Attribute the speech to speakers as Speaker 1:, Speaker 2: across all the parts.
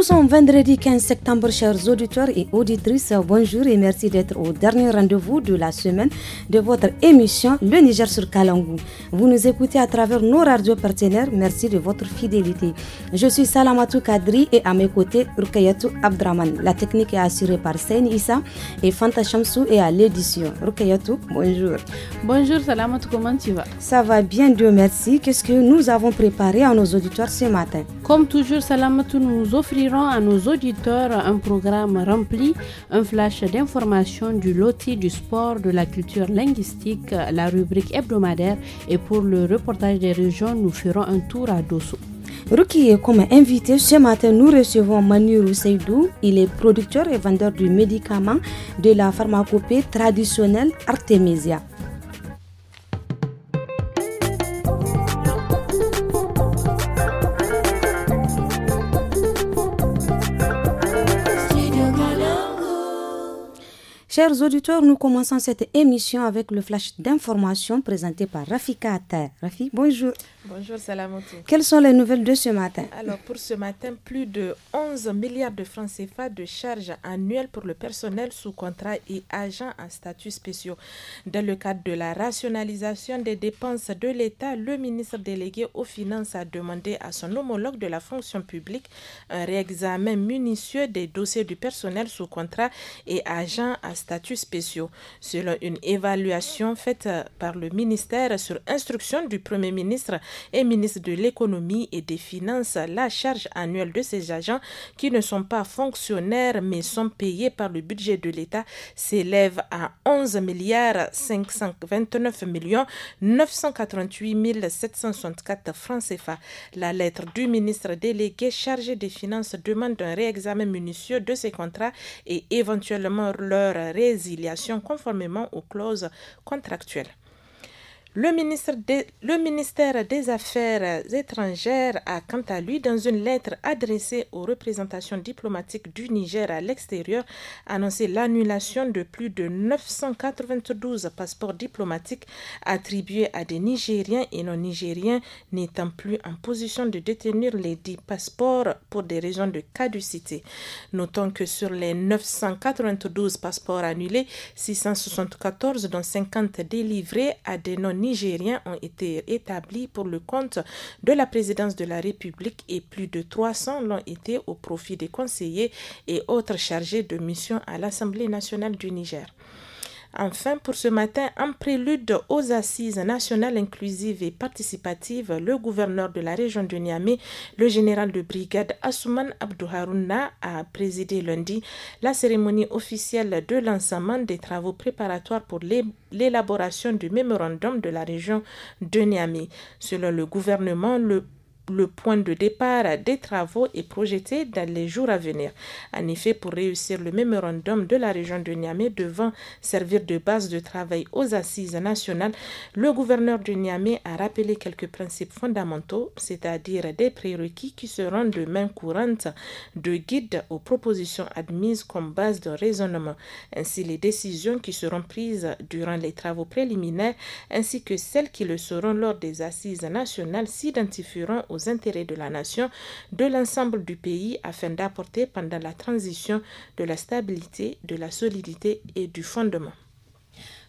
Speaker 1: Nous sommes vendredi 15 septembre, chers auditeurs et auditrices. Bonjour et merci d'être au dernier rendez-vous de la semaine de votre émission Le Niger sur Kalangou. Vous nous écoutez à travers nos radios partenaires. Merci de votre fidélité. Je suis Salamatou Kadri et à mes côtés, Rukayatou Abdraman. La technique est assurée par Seine Issa et Fanta Chamsou et à l'édition. Rukayatou, bonjour. Bonjour Salamatou, comment tu vas Ça va bien, Dieu merci. Qu'est-ce que nous avons préparé à nos auditeurs ce matin Comme toujours, Salamatou nous offre ferons à nos
Speaker 2: auditeurs un programme rempli, un flash d'informations du loti du sport, de la culture linguistique, la rubrique hebdomadaire et pour le reportage des régions,
Speaker 1: nous ferons un tour à Dosso. Ruki est comme invité. Ce matin, nous recevons Manu Seydou. Il est producteur et vendeur du médicament de la pharmacopée traditionnelle Artemisia. Chers auditeurs, nous commençons cette émission avec le flash d'information présenté par Rafika Kata. Rafi, bonjour.
Speaker 3: Bonjour Salamouti. Quelles
Speaker 1: sont les nouvelles de ce matin Alors
Speaker 3: pour ce matin, plus de 11 milliards de francs CFA de charges annuelles pour le personnel sous contrat et agent à statut spécial Dans le cadre de la rationalisation des dépenses de l'État, le ministre délégué aux Finances a demandé à son homologue de la fonction publique un réexamen minutieux des dossiers du personnel sous contrat et agents à statut spécial, Selon une évaluation faite par le ministère sur instruction du Premier ministre, et ministre de l'économie et des finances la charge annuelle de ces agents qui ne sont pas fonctionnaires mais sont payés par le budget de l'État s'élève à 11 milliards 529 millions 988 764 francs CFA. La lettre du ministre délégué chargé des Finances demande un réexamen minutieux de ces contrats et éventuellement leur résiliation conformément aux clauses contractuelles. Le, ministère des Affaires étrangères a, quant à lui, dans une lettre adressée aux représentations diplomatiques du Niger à l'extérieur, annoncé l'annulation de plus de 992 passeports diplomatiques attribués à des Nigériens et non-Nigériens n'étant plus en position de détenir les 10 passeports pour des raisons de caducité. Notons que sur les 992 passeports annulés, 674 dont 50 délivrés à des non nigériens ont été établis pour le compte de la présidence de la République et plus de 300 l'ont été au profit des conseillers et autres chargés de mission à l'Assemblée nationale du Niger. Enfin, pour ce matin, en prélude aux assises nationales inclusives et participatives, le gouverneur de la région de Niamey, le général de brigade Assouman Abdouharouna, a présidé lundi la cérémonie officielle de lancement des travaux préparatoires pour l'élaboration du mémorandum de la région de Niamey. Selon le gouvernement, le le point de départ des travaux est projeté dans les jours à venir. En effet, pour réussir le mémorandum de la région de Niamey devant servir de base de travail aux assises nationales, le gouverneur de Niamey a rappelé quelques principes fondamentaux, c'est-à-dire des prérequis qui seront de main courante de guide aux propositions admises comme base de raisonnement. Ainsi, les décisions qui seront prises durant les travaux préliminaires ainsi que celles qui le seront lors des assises nationales s'identifieront aux intérêts de la nation, de l'ensemble du pays afin d'apporter pendant la transition de la stabilité, de la solidité et du fondement.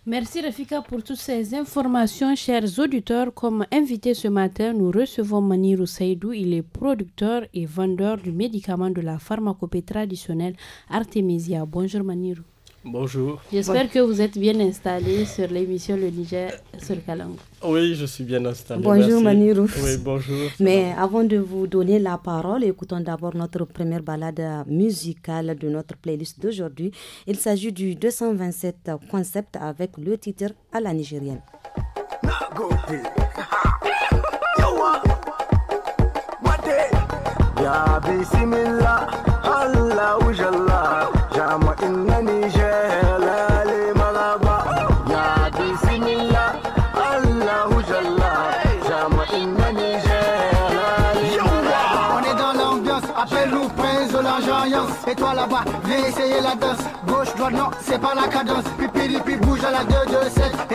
Speaker 2: Merci Rafika pour toutes ces informations. Chers auditeurs, comme invité ce matin, nous recevons Manirou Saïdou. Il est producteur et vendeur du médicament de la pharmacopée traditionnelle Artemisia. Bonjour Manirou. Bonjour. J'espère que vous êtes bien
Speaker 1: installé sur l'émission Le Niger sur Kalang.
Speaker 4: Oui, je suis bien installé. Bonjour Manu Oui, bonjour. Mais
Speaker 1: avant de vous donner la parole, écoutons d'abord notre première balade musicale de notre playlist d'aujourd'hui. Il s'agit du 227 concept avec le titre à la nigérienne.
Speaker 5: la danse. Gauche, droite, non, c'est pas la cadence. pipi, pipi, bouge à la 2-2-7.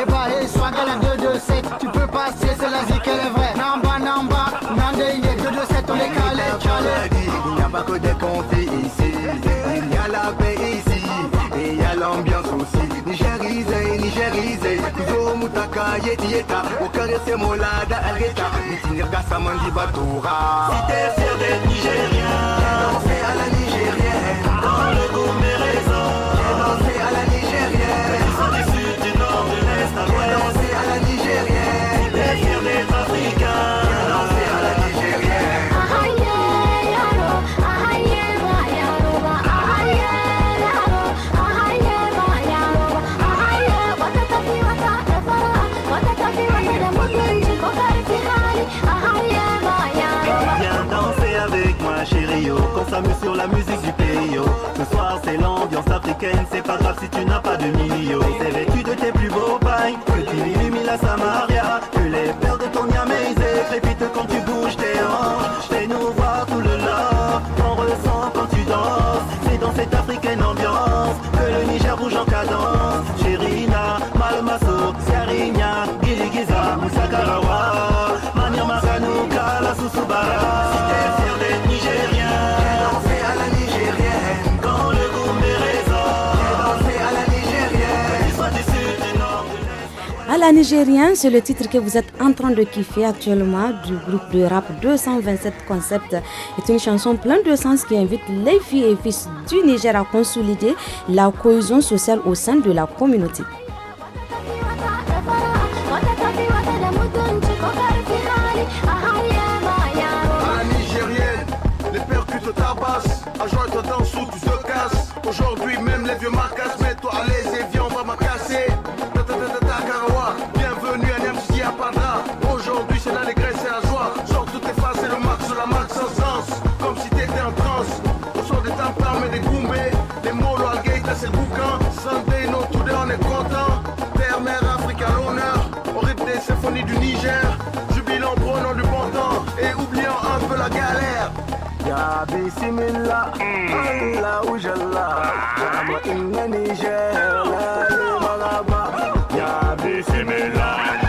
Speaker 5: Et bah, et swag à la 2-2-7. Tu peux passer, c'est la zik, elle est vraie. Namba, namba, nande, il est 2-2-7, on est calé, calé.
Speaker 6: Il n'y a pas que des conflits ici. Il y a la paix ici. Et il y a l'ambiance aussi. Nigérisé, nigérisé. toujours mutaka, yeti yeta. carré c'est molada, algeta. Mitinir,
Speaker 7: kasa, mandi, batura.
Speaker 6: sur la musique du pays. Oh. Ce soir c'est l'ambiance africaine, c'est pas grave si tu n'as pas de milieu Oh. C'est vêtu de tes plus beaux bails. que tu illumines la Samaria, que les pères de ton Très crépitent quand tu bouges tes hanches. Fais nous voir tout le long, qu'on ressent quand tu danses. C'est dans cette africaine ambiance que le Niger bouge en cadence.
Speaker 1: Nigérien, c'est le titre que vous êtes en train de kiffer actuellement du groupe de rap 227 Concept. C'est une chanson pleine de sens qui invite les filles et fils du Niger à consolider la cohésion sociale au sein de la communauté.
Speaker 8: Ah,
Speaker 6: بسم الله هلا وجلا ما نعم، إنني جاي يا بسم الله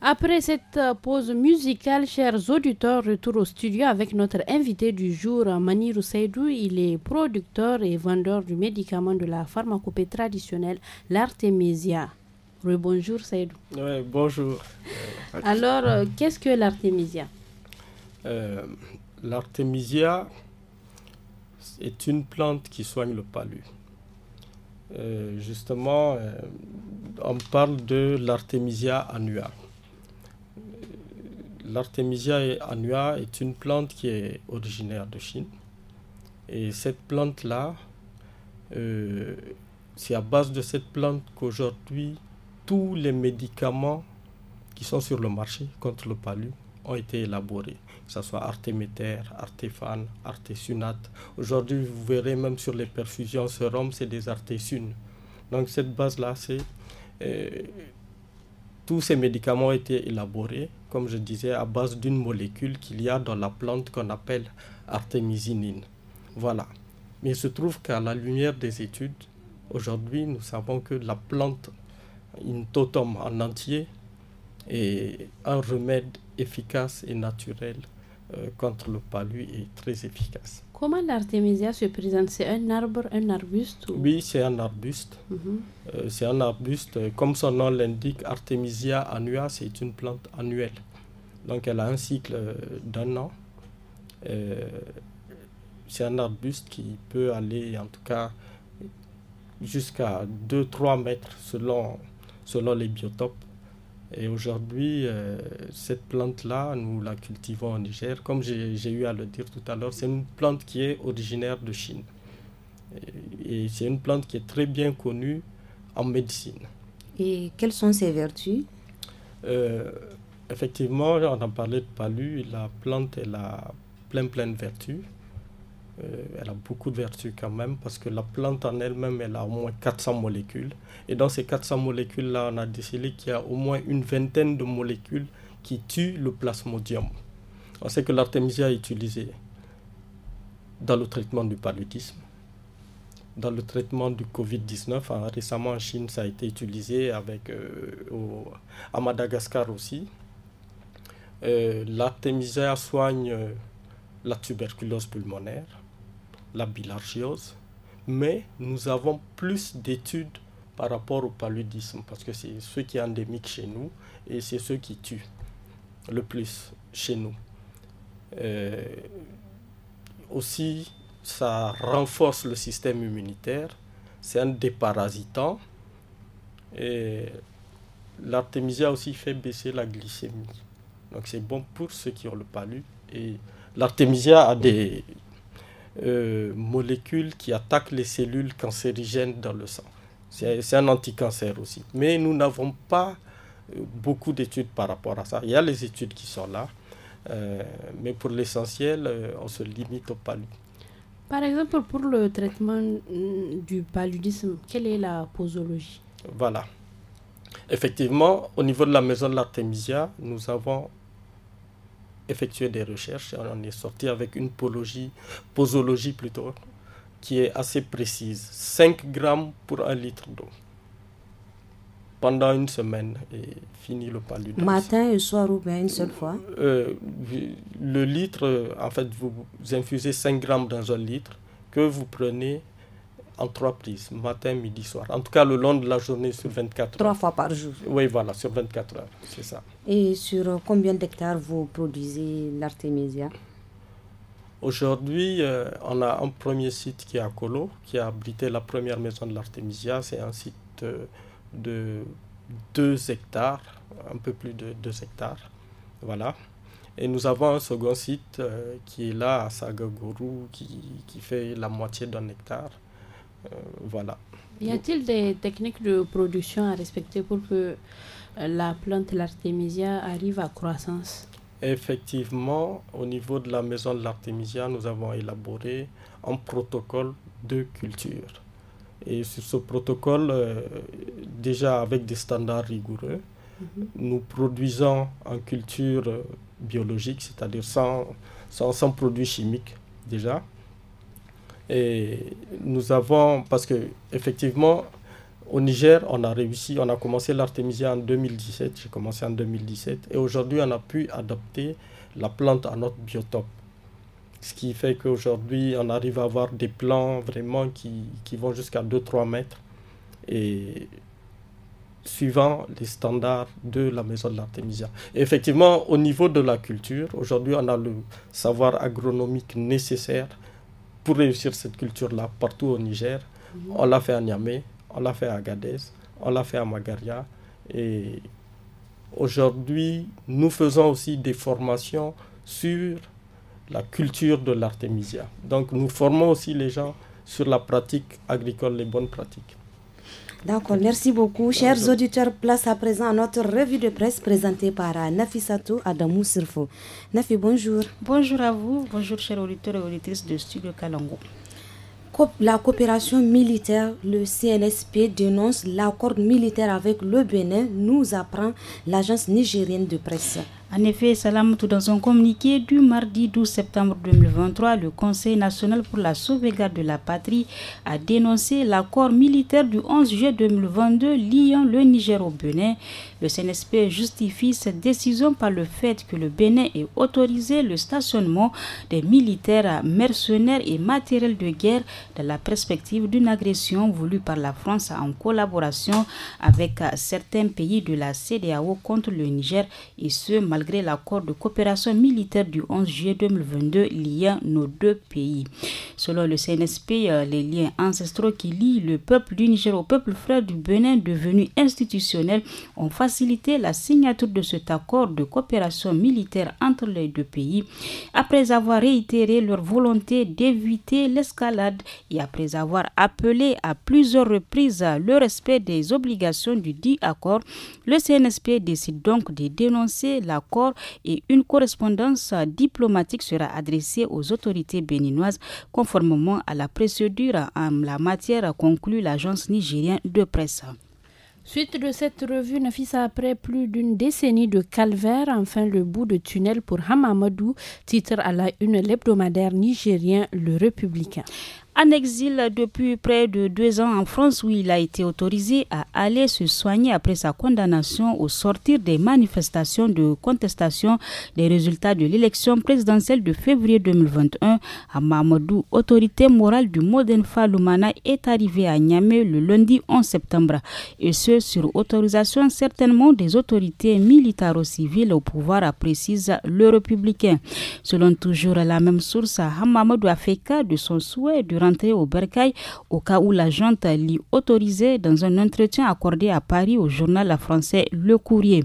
Speaker 2: Après cette euh, pause musicale, chers auditeurs, retour au studio avec notre invité du jour, Mani Seydou. Il est producteur et vendeur du médicament de la pharmacopée traditionnelle, l'Artemisia bonjour Saïdou.
Speaker 4: Oui, bonjour. Alors,
Speaker 2: euh, qu'est-ce que l'artémisia
Speaker 4: euh, L'artémisia est une plante qui soigne le palu. Euh, justement, on parle de l'artémisia annua. L'artémisia annua est une plante qui est originaire de Chine. Et cette plante-là, c'est à base de cette plante qu'aujourd'hui tous les médicaments qui sont sur le marché contre le palu ont été élaborés, que ce soit Artemeter, Artefan, Artesunate. Aujourd'hui, vous verrez même sur les perfusions sérum, c'est des Artesunes. Donc cette base-là, c'est... Euh, tous ces médicaments ont été élaborés, comme je disais, à base d'une molécule qu'il y a dans la plante qu'on appelle artémisinine. Voilà. Mais il se trouve qu'à la lumière des études, aujourd'hui, nous savons que la plante une totem en entier et un remède efficace et naturel euh, contre le palu est très efficace.
Speaker 2: Comment l'artémisia se présente C'est un arbre, un arbuste
Speaker 4: Oui, c'est un arbuste. Mhm. Euh, c'est un arbuste. Euh, comme son nom l'indique, Artemisia annua, c'est une plante annuelle. Donc elle a un cycle d'un an. c'est un arbuste qui peut aller en tout cas jusqu'à 2-3 mètres selon selon les biotopes. Et aujourd'hui, euh, cette plante-là, nous la cultivons en Niger. Comme j'ai eu à le dire tout à l'heure, c'est une plante qui est originaire de Chine. Et, c'est une plante qui est très bien connue en médecine.
Speaker 1: Et quelles sont ses vertus
Speaker 4: euh, Effectivement, on en parlait de palu. La plante, elle a plein, plein de vertus. Euh, elle a beaucoup de vertus quand même parce que la plante en elle-même, elle a au moins 400 molécules. Et dans ces 400 molécules-là, on a décidé qu'il y a au moins une vingtaine de molécules qui tuent le plasmodium. On sait que l'artémisia est utilisée dans le traitement du paludisme, dans le traitement du Covid-19. Ah, récemment en Chine, ça a été utilisé avec, euh, à Madagascar aussi. Euh, l'artémisia soigne euh, la tuberculose pulmonaire la bilargiose, mais nous avons plus d'études par rapport au paludisme, parce que c'est ce qui est endémique chez nous et c'est ce qui tue le plus chez nous. Euh, aussi, ça renforce le système immunitaire, c'est un déparasitant. Et l'artémisia aussi fait baisser la glycémie. Donc c'est bon pour ceux qui ont le palu. Et l'artémisia a des euh, molécules qui attaquent les cellules cancérigènes dans le sang. C'est un anticancer aussi. Mais nous n'avons pas euh, beaucoup d'études par rapport à ça. Il y a les études qui sont là, euh, mais pour l'essentiel, on se limite au palud.
Speaker 2: Par exemple, pour le traitement mm, du paludisme, quelle est la posologie
Speaker 4: Voilà. Effectivement, au niveau de la maison de l'Artemisia, nous avons effectuer des recherches. et On en est sorti avec une posologie plutôt, qui est assez précise. 5 grammes pour un litre d'eau. Pendant une semaine et fini le paludisme.
Speaker 1: Matin et soir ou bien une seule fois
Speaker 4: euh, Le litre, en fait, vous infusez 5 grammes dans un litre que vous prenez en trois prises, matin, midi, soir. En tout cas, le long de la journée sur 24 heures. Trois fois par jour. Oui, voilà, sur 24 heures, c'est ça.
Speaker 1: Et sur euh, combien d'hectares vous produisez l'artémisia
Speaker 4: Aujourd'hui, euh, on a un premier site qui est à Colo, qui a abrité la première maison de l'artémisia. C'est un site euh, de 2 hectares, un peu plus de 2 hectares. Voilà. Et nous avons un second site qui est là à Sagagourou, qui, qui fait la moitié d'un hectare. Euh,
Speaker 2: y a-t-il des techniques de production à respecter pour que euh, la plante, l'artémisia, arrive à croissance
Speaker 4: Effectivement, au niveau de la maison de l'artémisia, nous avons élaboré un protocole de culture. Et sur ce protocole, euh, déjà avec des standards rigoureux, mhm. nous produisons en culture biologique, c'est-à-dire sans, produits chimiques déjà. Et nous avons, parce que effectivement, au Niger, on a réussi, on a commencé l'artémisia en 2017, j'ai commencé en 2017, et aujourd'hui on a pu adapter la plante à notre biotope. Ce qui fait qu'aujourd'hui on arrive à avoir des plants vraiment qui, qui vont jusqu'à 2-3 mètres, et suivant les standards de la maison de l'artémisia. Effectivement, au niveau de la culture, aujourd'hui on a le savoir agronomique nécessaire pour réussir cette culture-là partout au Niger. Mhm. On l'a fait à Niamey, on l'a fait à Agadez, on l'a fait à Magaria. Et aujourd'hui, nous faisons aussi des formations sur la culture de l'artémisia. Donc nous formons aussi les gens sur la pratique agricole, les bonnes pratiques.
Speaker 1: D'accord, merci beaucoup. Chers auditeurs, place à présent à notre revue de presse présentée par euh, Nafisato Adamou Sirfo. Nafi, bonjour.
Speaker 9: Bonjour à vous, bonjour chers auditeurs et auditrices de Studio Kalongo.
Speaker 1: La coopération militaire, le CNSP dénonce l'accord militaire avec le Bénin, nous apprend l'agence nigérienne
Speaker 9: de presse. En effet, tout dans un communiqué du mardi 12 septembre 2023, le Conseil national pour la sauvegarde de la patrie a dénoncé l'accord militaire du 11 juillet 2022 liant le Niger au Bénin. Le CNSP justifie cette décision par le fait que le Bénin ait autorisé le stationnement des militaires mercenaires et matériels de guerre dans la perspective d'une agression voulue par la France en collaboration avec certains pays de la CDAO contre le Niger et ce malgré l'accord de coopération militaire du 11 juillet 2022 liant nos deux pays. Selon le CNSP, euh, les liens ancestraux qui lient le peuple du Niger au peuple frère du Benin devenu institutionnel ont facilité la signature de cet accord de coopération militaire entre les deux pays. Après avoir réitéré leur volonté d'éviter l'escalade et après avoir appelé à plusieurs reprises le respect des obligations du dit accord, le CNSP décide donc de dénoncer la et une correspondance diplomatique sera adressée aux autorités béninoises conformément à la procédure en la matière a conclu l'agence nigérienne de presse.
Speaker 2: Suite de cette revue, ne Nafisa, après plus d'une décennie de calvaire, enfin le bout de tunnel pour Hamamadou, titre à la une l'hebdomadaire nigérien
Speaker 9: Le Républicain en exil depuis près de deux ans en France où il a été autorisé à aller se soigner après sa condamnation au sortir des manifestations de contestation des résultats de l'élection présidentielle de février 2021 à autorité morale du Modenfa Lumana, est arrivé à Niamey le lundi 11 septembre et ce sur autorisation certainement des autorités militaro-civiles au pouvoir, précise le républicain. Selon toujours la même source, Amamadou a fait cas de son souhait durant au Bercail au cas où la junte l'y autorisait dans un entretien accordé à Paris au journal français Le Courrier.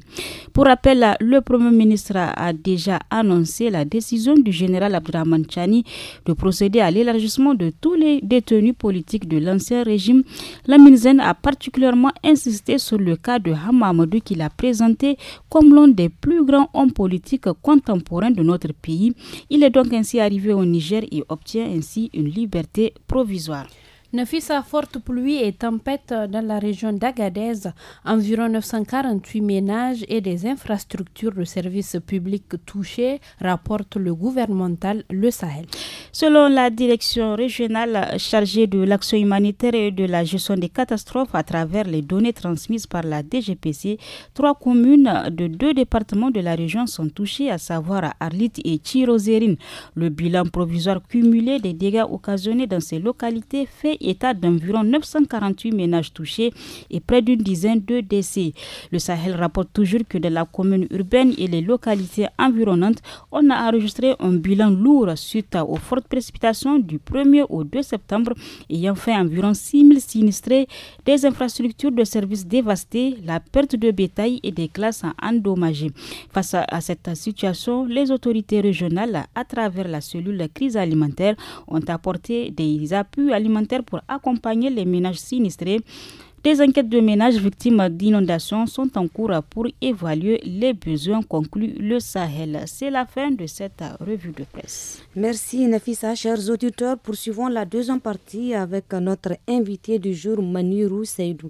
Speaker 9: Pour rappel, le Premier ministre a déjà annoncé la décision du général Abdraman Chani de procéder à l'élargissement de tous les détenus politiques de l'ancien régime. La ministre a particulièrement insisté sur le cas de Hamamadou qu'il a présenté comme l'un des plus grands hommes politiques contemporains de notre pays. Il est donc ainsi arrivé au Niger et obtient ainsi une liberté provisoire
Speaker 2: sa forte pluie et tempête dans la région d'Agadez, environ 948 ménages et des infrastructures de services publics touchés, rapporte le gouvernemental Le Sahel.
Speaker 9: Selon la direction régionale chargée de l'action humanitaire et de la gestion des catastrophes à travers les données transmises par la DGPC, trois communes de deux départements de la région sont touchées, à savoir Arlit et Chirozérine. Le bilan provisoire cumulé des dégâts occasionnés dans ces localités fait état d'environ 948 ménages touchés et près d'une dizaine de décès. Le Sahel rapporte toujours que de la commune urbaine et les localités environnantes, on a enregistré un bilan lourd suite aux fortes précipitations du 1er au 2 septembre, ayant fait environ 6 000 sinistrés, des infrastructures de services dévastées, la perte de bétail et des classes endommagées. Face à cette situation, les autorités régionales, à travers la cellule crise alimentaire, ont apporté des appuis alimentaires pour accompagner les ménages sinistrés. Des enquêtes de ménages victimes d'inondations sont en cours pour évaluer les besoins conclus le Sahel. C'est la fin de cette revue de presse. Merci Nafisa,
Speaker 1: chers auditeurs. Poursuivons la deuxième partie avec notre invité du jour, Manuru Seydou.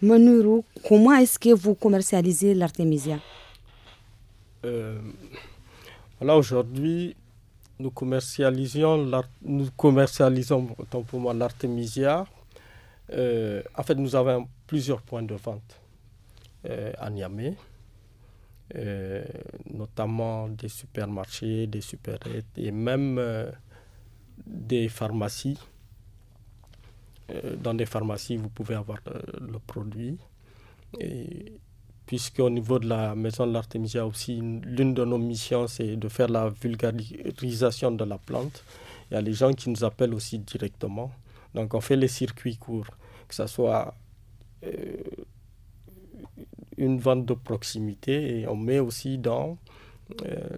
Speaker 1: Manuru, comment est-ce que vous commercialisez l'artémisia
Speaker 4: euh, Là aujourd'hui, nous nous commercialisons autant pour moi l'artémisia. Euh, en fait, nous avons plusieurs points de vente euh, à Niamey, euh, notamment des supermarchés, des superettes et même des pharmacies. dans des pharmacies, vous pouvez avoir le produit. Et puisqu'au niveau de la maison de l'artémisia aussi, l'une de nos missions, c'est de faire la vulgarisation de la plante. Il y a les gens qui nous appellent aussi directement. Donc on fait les circuits courts, que ce soit euh, une vente de proximité et on met aussi dans... Euh,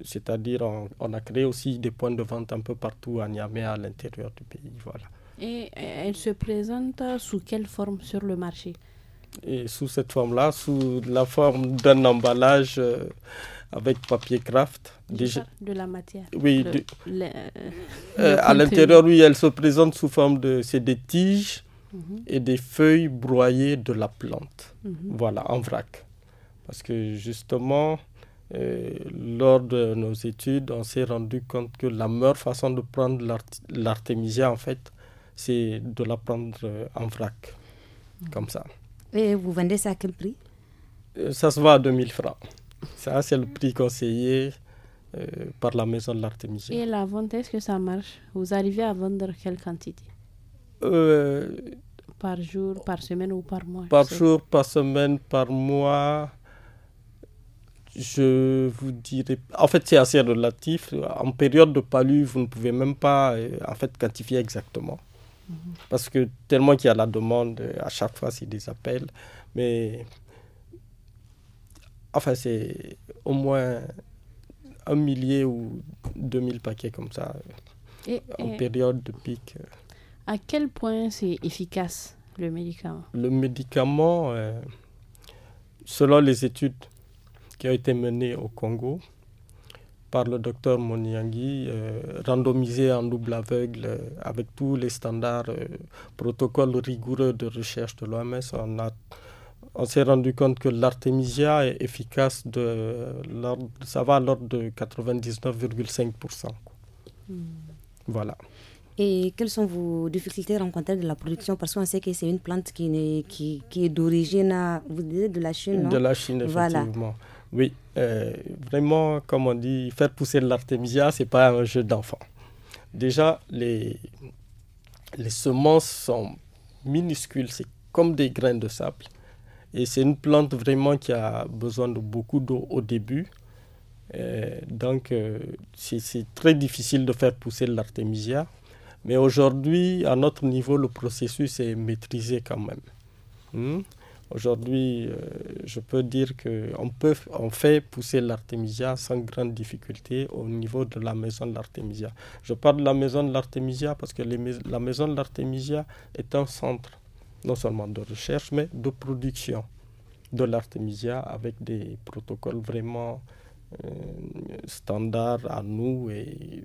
Speaker 4: c'est-à-dire, on, a créé aussi des points de vente un peu partout à Niamey, à l'intérieur du pays. Voilà.
Speaker 2: Et elle se présente sous quelle forme sur le marché
Speaker 4: et sous cette forme-là, sous la forme d'un emballage euh, avec papier craft. Déjà. De la matière. Oui. Euh, euh, à l'intérieur, oui, elle se présente sous forme de. C'est des tiges mhm. et des feuilles broyées de la plante. Mhm. Voilà, en vrac. Parce que justement, lors de nos études, on s'est rendu compte que la meilleure façon de prendre l'artémisia, en fait, c'est de la prendre en vrac. Mhm. Comme ça.
Speaker 1: Et vous vendez ça à quel prix
Speaker 4: euh, Ça se vend à 2000 francs. Ça, c'est le prix conseillé euh, par la maison de l'artémisia.
Speaker 2: Et la vente, est-ce que ça marche Vous arrivez à vendre quelle quantité
Speaker 4: euh,
Speaker 2: Par jour, par semaine ou par mois Par jour,
Speaker 4: par semaine, par mois. Je vous dirais. En fait, c'est assez relatif. En période de palu, vous ne pouvez même pas en fait, quantifier exactement. Parce que tellement qu'il y a la demande, euh, à chaque fois, c'est des appels. Mais. Enfin, c'est au moins un millier ou deux mille paquets comme ça, en période de pic.
Speaker 2: À quel point c'est efficace, le médicament
Speaker 4: Le médicament, euh, selon les études qui ont été menées au Congo, par le docteur Moniangui, euh, randomisé en double aveugle euh, avec tous les standards, euh, protocoles rigoureux de recherche de l'OMS. On, on s'est rendu compte que l'artémisia est efficace, de, ça va à l'ordre de 99,5%. Hmm. Voilà.
Speaker 1: Et quelles sont vos difficultés rencontrées de la production Parce qu'on sait que c'est une plante qui, est, qui, est d'origine, vous disiez, de la Chine, non De la Chine, effectivement.
Speaker 4: Oui, euh, vraiment, comme on dit, faire pousser l'artémisia, ce n'est pas un jeu d'enfant. Déjà, les, les semences sont minuscules, c'est comme des grains de sable. Et c'est une plante vraiment qui a besoin de beaucoup d'eau au début. Euh, donc, euh, c'est très difficile de faire pousser l'artémisia. Mais aujourd'hui, à notre niveau, le processus est maîtrisé quand même. Hmm? Aujourd'hui, euh, je peux dire qu'on peut, on fait pousser l'artémisia sans grande difficulté au niveau de la maison de l'artémisia. Je parle de la maison de l'artémisia parce que la maison de l'artémisia est un centre, non seulement de recherche, mais de production de l'artémisia avec des protocoles vraiment euh, standards à nous et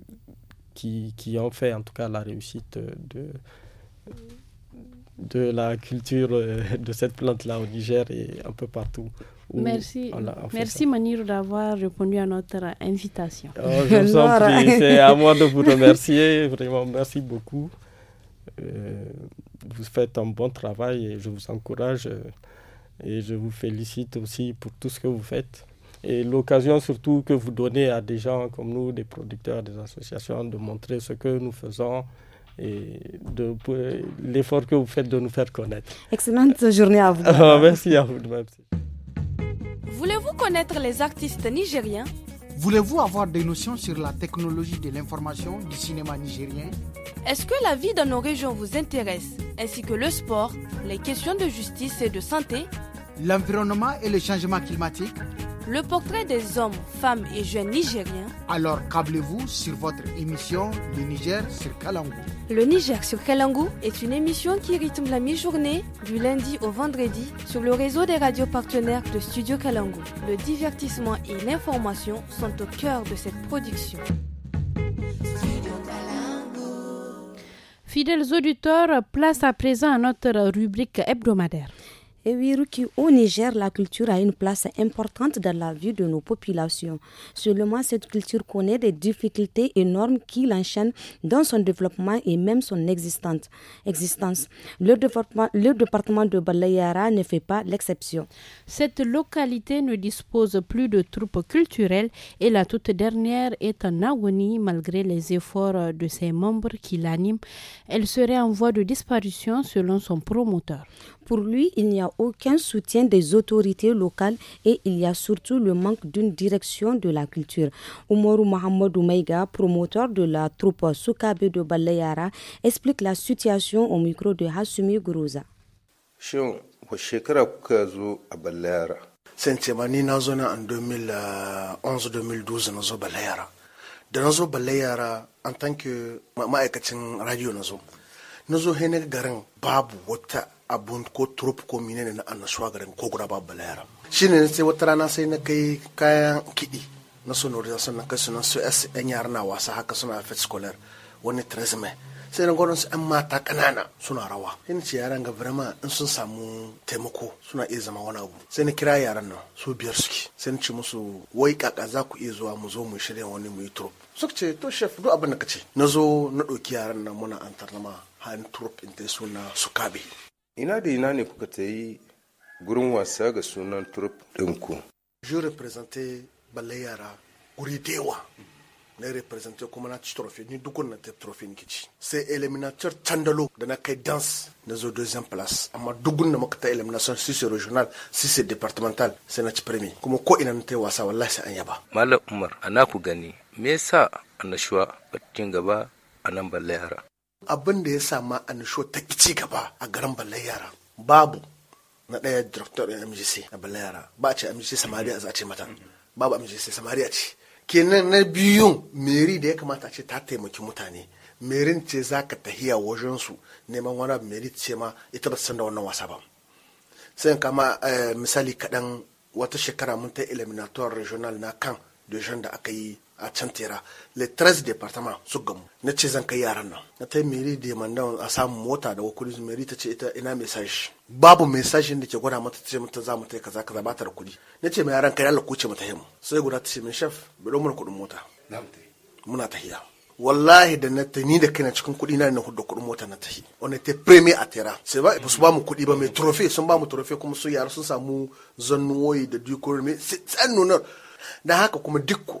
Speaker 4: qui, qui, ont fait en tout cas la réussite de de la culture euh, de cette plante-là au Niger et un peu partout. Merci, merci
Speaker 2: Manir d'avoir répondu à notre invitation. Oh, je vous en prie, c'est
Speaker 4: à moi de vous remercier. Vraiment, merci beaucoup. Euh, vous faites un bon travail et je vous encourage euh, et je vous félicite aussi pour tout ce que vous faites et l'occasion surtout que vous donnez à des gens comme nous, des producteurs, des associations, de montrer ce que nous faisons et de l'effort que vous faites de nous faire connaître.
Speaker 2: Excellente journée à vous.
Speaker 1: Ah, merci
Speaker 4: à vous.
Speaker 2: Voulez-vous connaître les artistes nigériens
Speaker 8: Voulez-vous avoir des notions sur la technologie de l'information du cinéma nigérien
Speaker 2: Est-ce que la vie dans nos régions vous intéresse, ainsi que le sport, les questions de justice et de santé
Speaker 10: l'environnement et le changement climatique,
Speaker 2: le portrait des
Speaker 1: hommes, femmes et jeunes nigériens.
Speaker 8: Alors câblez-vous sur votre émission Le Niger sur
Speaker 1: Kalangou. Le Niger sur Kalangou est une émission qui rythme la mi-journée du lundi au vendredi sur le réseau des radios partenaires de Studio Kalangou. Le divertissement et
Speaker 2: l'information sont au cœur de cette production.
Speaker 1: Fidèles auditeurs, place à présent à notre rubrique hebdomadaire. Et oui, au Niger, la culture a une place importante dans la vie de nos populations. Seulement, cette culture connaît des difficultés énormes qui l'enchaînent dans son développement et même son existence. Le, le département de Balayara ne fait pas l'exception. Cette localité ne dispose plus de troupes
Speaker 2: culturelles et la toute dernière est en agonie malgré les efforts de ses membres qui l'animent. Elle serait en voie de disparition selon son promoteur. Pour
Speaker 1: lui, il n'y a aucun soutien des autorités locales et il y a surtout le manque d'une direction de la culture. Oumarou Mohamed Oumaïga, promoteur de la troupe Soukabe de Balayara, explique la situation au micro de Hassumi Gourouza.
Speaker 6: Je
Speaker 8: suis shekara kuka Balayara? Sai ce ma en 2011-2012 na zo Balayara. Da na à Balayara en tant que ma'aikacin radio nous zo. Na zo garin à Balayara. abun ko trop ko mine ne na annashuwa garin ko guda b'a balayara shine sai wata rana sai na kai kayan kiɗi na da na kai sunan su s yan yara na wasa haka suna fet scholar wani tresme sai na gwanon su 'yan mata ƙanana suna rawa sai ce yaran ga birama in sun samu taimako suna iya zama wani abu sai na kira yaran nan su biyar suke sai na ce musu wai kaka za ku iya zuwa mu zo mu shirya wani mu yi trop suka ce to chef duk abin da ka ce na zo na ɗauki yaran nan muna an tarnama hannun trop in ta suna su kabe
Speaker 5: ina da ina ne kuka ta yi gurin wasa ga sunan turup ɗinku
Speaker 8: je represente balle yara guri da yawa na represente kuma na ci trophy ni dukkan na tafi trophy ni kici sai eliminator tandalo da na kai dance na zo deuxième place amma dukkan na muka ta elimination si c'est regional si c'est départemental sai na ci premier kuma ko ina na ta wasa wallahi sai an yaba
Speaker 5: malam umar ana ku gani me yasa annashuwa cikin gaba a nan balle yara
Speaker 8: abin da ya sama anisho ta ci gaba a garin ballar yara babu na ɗaya director ɗin mgc na ballar yara ba a ce mgc samariya za a ce mata babu mgc samariya ce kenan na biyun meri da ya kamata a ce ta taimaki mutane merin ce za ka tahiya wajen su neman wani abu meri ce ma ita ba san da wannan wasa ba sai kama eh, misali kaɗan wata shekara mun ta eliminator regional na kan region da aka yi a can tera le 13 departement su gamu na ce zan kai yaran nan na ta meri da a samu mota da wakilin meri ta ce ita ina message babu message da ke gwada mata ce mata za mu ta kaza kaza ba da kuɗi na ce mai yaran kai yalla kuce mata himu sai guda ta ce min chef bari mu kuɗin mota muna tahiya wallahi da na ta ni da kaina cikin kuɗi na na hudu kuɗin mota na tahi on était premier a tera sai ba su ba mu kuɗi ba mai trophy sun ba mu trophy kuma su yara sun samu zannuwoyi da dukorin mai sai tsannunar da haka kuma dukku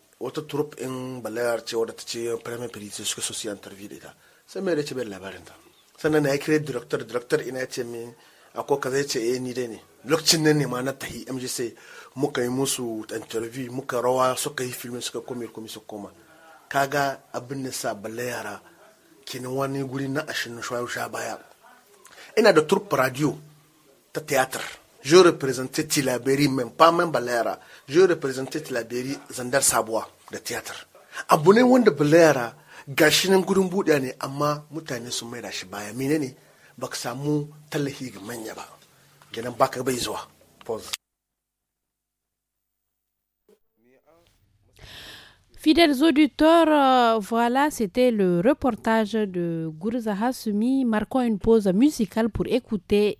Speaker 8: wata turup in balayar ce wadda ta ce prime minister suka so su da ita sai mai ce bai labarin ta sannan ya kira director director ina ce min akwai ka zai ce eh ni dai ne lokacin nan ne ma na tahi mgc muka yi musu interview muka rawa suka yi filmin suka kome kome su koma kaga abin da sa balayara kini wani guri na ashirin shawayu sha baya ina da turup radio ta tiyatar Je représentais Tilaberi, même pas même Balera. Je représentais Tilaberi Zander Sabwa le théâtre. Abu wanda Balera gashi nan gurin ne amma mutane sun maida shi baya menene baka samu tallafi ba. Kenan baka bai zuwa. Pause.
Speaker 2: Fidèles auditeurs, euh, voilà, c'était le reportage de Guru Zahasumi. marquant une pause musicale pour écouter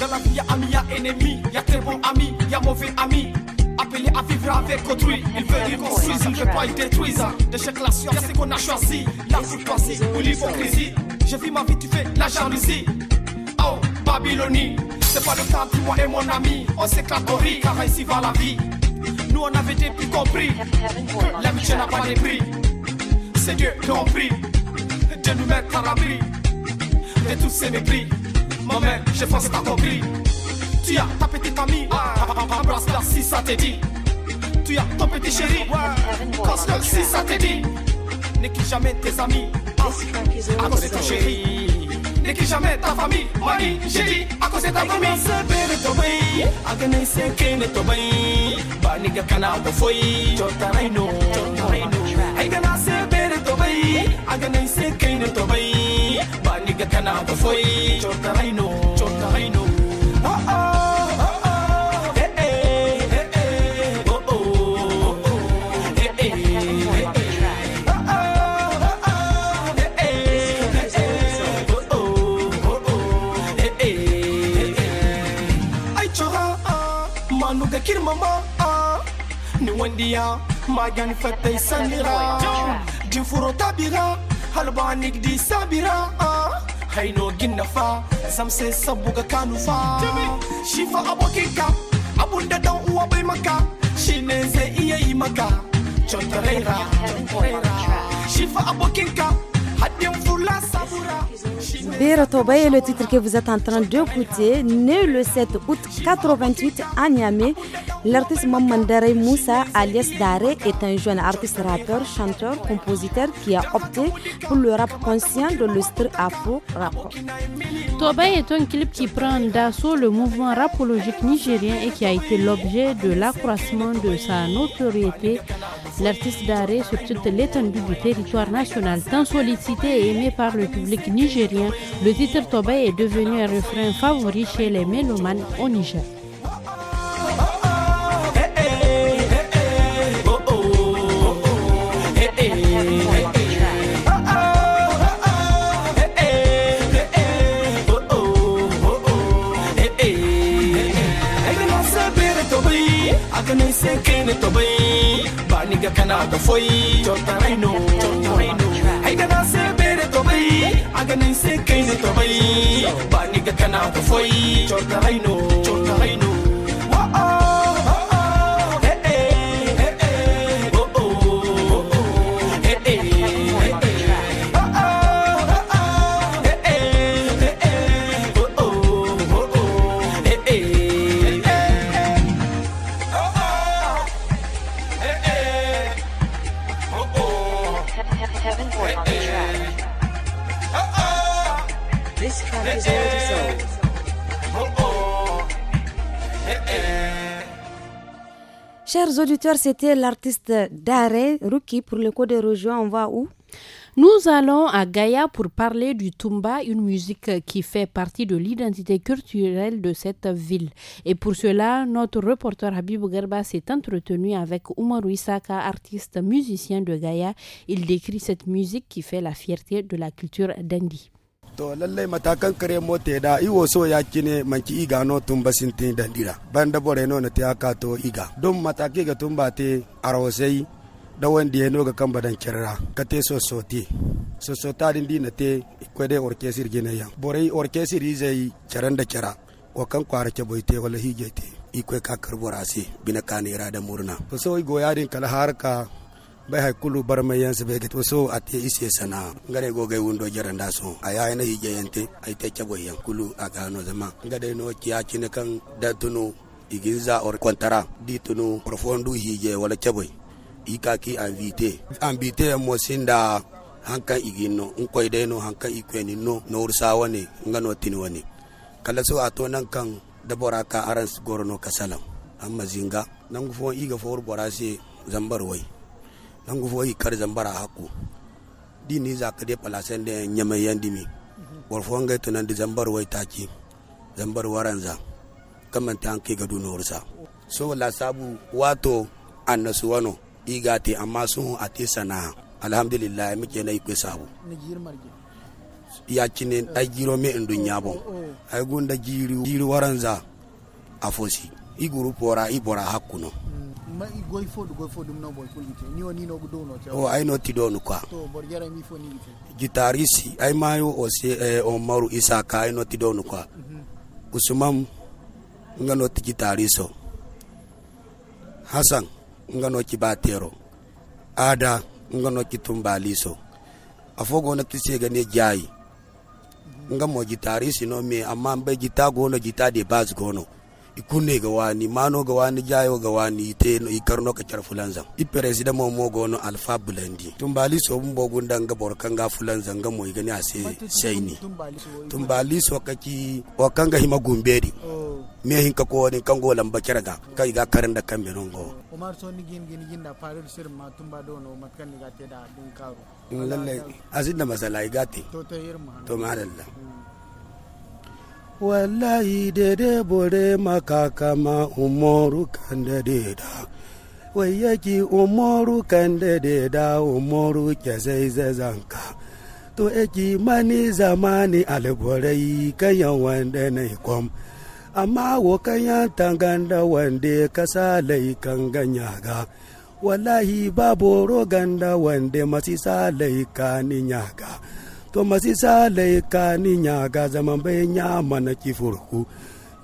Speaker 11: dans la vie, il y a ami, il y a ennemi, il y a très bons amis il y a mauvais amis Appelé à vivre avec autrui, il veut dire construisent, il ne veut pas ils détruisent. De chaque nation, il y a ce qu'on a choisi, la courtoisie ou l'hypocrisie. Je vis ma vie, tu fais la jalousie. Oh, Babylonie, c'est pas le temps, moi et mon ami, on s'éclate au riz, car ici va la vie. Nous on avait déjà compris que l'amitié n'a pas de prix. C'est Dieu qui prie. prie, Dieu nous met à l'abri de tous ces maigris. Maman, je pense que t'as compris. Tu as ta petite amie, embrasse-la si ça te dit. Tu as ton petit chéri, Parce que si ça te dit. quitte jamais tes amis, ah, à cause de ton chéri. jamais ta famille, j'ai chéri, à cause de ta famille. aganay seedkayna tobay baaniga kanaada foy joogtahayno joogtahayno Kirmama, ah, ni wendiya, magan fatay sanira din furo tabira halbanik di sabira haino ginna fa zamse sabuga kanu fa shi fa abokinka abunda dan uwa bai maka shine zai iya yi maka chotorera shi abokinka furo
Speaker 1: est le titre que vous êtes en train d'écouter, né le 7 août 88 à Niamey, l'artiste Mamandare Moussa alias Dare est un jeune artiste rappeur, chanteur, compositeur qui a opté pour le rap conscient de le afro-rap. Tobaï est un clip qui
Speaker 2: prend d'assaut le mouvement rapologique nigérien et qui a été l'objet de l'accroissement de sa notoriété. L'artiste Dare sur toute l'étendue du territoire national, tant sollicité et aimé par le public nigérien le titre Toba est devenu un refrain favori chez les mélomanes au Niger.
Speaker 11: Bani ga kana da foyi, torta raino, torta raino a ganin sai kai ne ta bai ba ni ga kana ta foyi cota raino
Speaker 1: auditeurs, c'était l'artiste Daré Ruki, pour le code des rejoint. On va où
Speaker 2: nous allons à Gaïa pour parler du Tumba, une musique qui fait partie de l'identité culturelle de cette ville. Et pour cela, notre reporter Habib Gerba s'est entretenu avec Omar Ouissaka, artiste musicien de Gaïa. Il décrit cette musique qui fait la fierté de la culture d'Indi.
Speaker 7: to lallai matakan kare mota da iwo so ya kine manki iga no tun basin tin ban da bore no na ta ka to iga don mataki ga tun ba te arwasai da wanda ya noga kan badan kirra ka te so ta din din te kwede orkesir gine ya bore orkesir izai kiran da kira ko kan kwara ke te wala hige te ikwe ka karborase bina kanira da murna so so goya din kala harka bai haikulu bar mai yansu bai gita wasu a te ise sana ngare gogai wundo jaran da so a yi na hige yante ai te kebo yan kulu a gano zama ngade no kiya kine kan da tuno igiza or kontara di tunu profondu je wala kebo ikaki invite invite mo sinda hankan igino nkoy de no hankan ikweni no no ursa wani ngano tini wani kala so a to nan kan da boraka arans gorono kasalam amma zinga nan gufon iga for borase zambar wai nan gufo yi kar zambara haku di ni za ka de palasen de nyame yandimi fo ngai to nan di zambar wai taki zambar waranza kaman ta kai gadu norsa so la sabu wato annasu wano igati amma sun ati sana alhamdulillah ke nay ikwe sabu ya kine ay giro me indun bo oh, oh, oh. ay gunda giri giri waranza afosi iguru i bora hakuno mm.
Speaker 8: ma goy fo do goy fo dum no boy ko yite ni oni no do no o oh, ay no ti do no ka to bor jara mi fo ni yite
Speaker 7: gitarisi ay mayo o se eh, o maru isa ka ay no ti do no mm-hmm. ka usman nga no ti gitariso hasan nga no ki batero ada nga no ki tumbaliso afogo na kisi ga ne jayi mm-hmm. nga mo gitarisi no me amma ba gita gono gita de bass gono ikunne ga wani mano ga wani jayo ga wani te no ikarno ka char fulanzan i president mo mo gono alfa bulandi tumbali so bumbo gundan ga borkan ga fulanzan ga moy gani ase shaini tumbali so ki o kanga hima gumbedi oh. me hin ka ko ni kango lamba kerga kai ga karin da kambe go umar so ni gin gin gin da faru sir ma tumba do no matkan ni ga te da dun karo lalle azin da masala ga te to to irma to ma wallahi dede bore maka umoru kan da da wai yaki umoru kan da da umoru ke zai zanka to eki mani zamani aliborai kayan wanda na kom. amma wo kanyan tanganda wanda kasa Salai kan ganya ga wallahi babu roganda wanda masu salai kanin ga. to masisa ka ni nyaga zaman be nyama na kifuruku